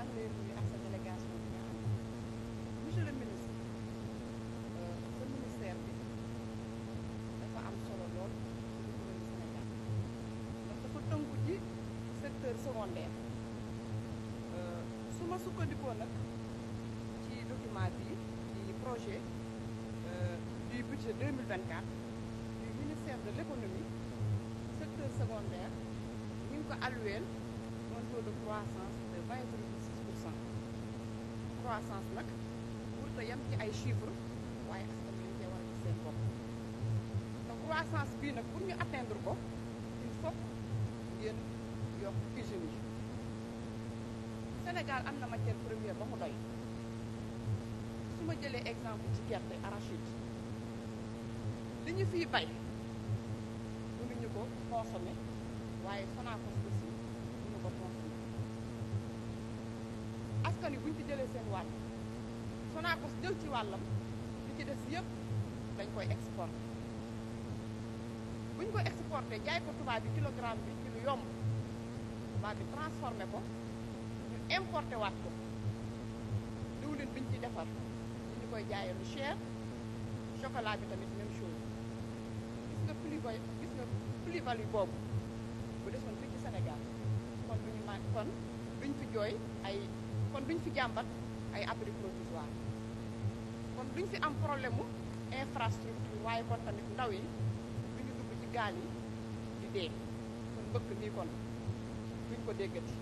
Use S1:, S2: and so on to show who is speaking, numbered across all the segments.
S1: maa ngi lay nuyu ak sa délégation bi ministre sa euh, ministère bi dafa am solo lool dafa tënku ci secteur secondaire euh, su ma sukkandikoo nag ci document bi ci projet euh, du budget 2024 du ministère de l'économie secteur secondaire ñu ngi ko alloué un de croissance de 20 croissance nag pour te ci ay chiffres waaye askan wi dañ war a gis seen bopp te croissance bii nag pour ñu atteindre ko il faut ngeen yokk usine yi Sénégal am na matière première ba mu doy su ma jëlee exemple ci gerte arachide li ñu fiy bay mënuñu ko consommer waaye Sonacos ni buñ ci jëlee seen wàll Sonacos jël ci wàllam li ci des yëpp dañ koy exporter buñ ko exporter jaay ko tubaab bi kilogramme bi ci lu yomb tubaab bi transformé ko ñu importé waat ko diwlin biñ ci defar ñu ñu koy jaayee lu cher chocolat bi tamit même chose gis nga plus value boobu bu desoon fii ci Sénégal kon duñu ma kon duñ fi jooy ay kon duñ fi jàmbat ay abri provisoire kon duñ fi am problème mu infrastructure waaye kon ndaw yi duñu dugg ci gaal yi di dee kon bëkk nii kon duñ ko déggati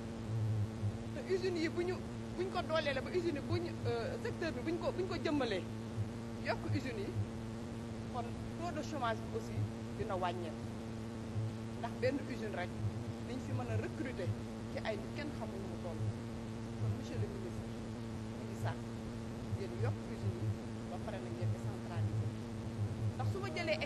S1: te usines yi bu ñu buñ ko dooleele ba usine yi buñ euh, secteur bi buñ ko buñ ko jëmmalee yokk usines yi kon taux de chômage bi aussi dina wàññeeku ndax benn usine rek liñ fi mën a recruter yokk budget yi ba pare nañ leen décentraliser ndax su ma jëlee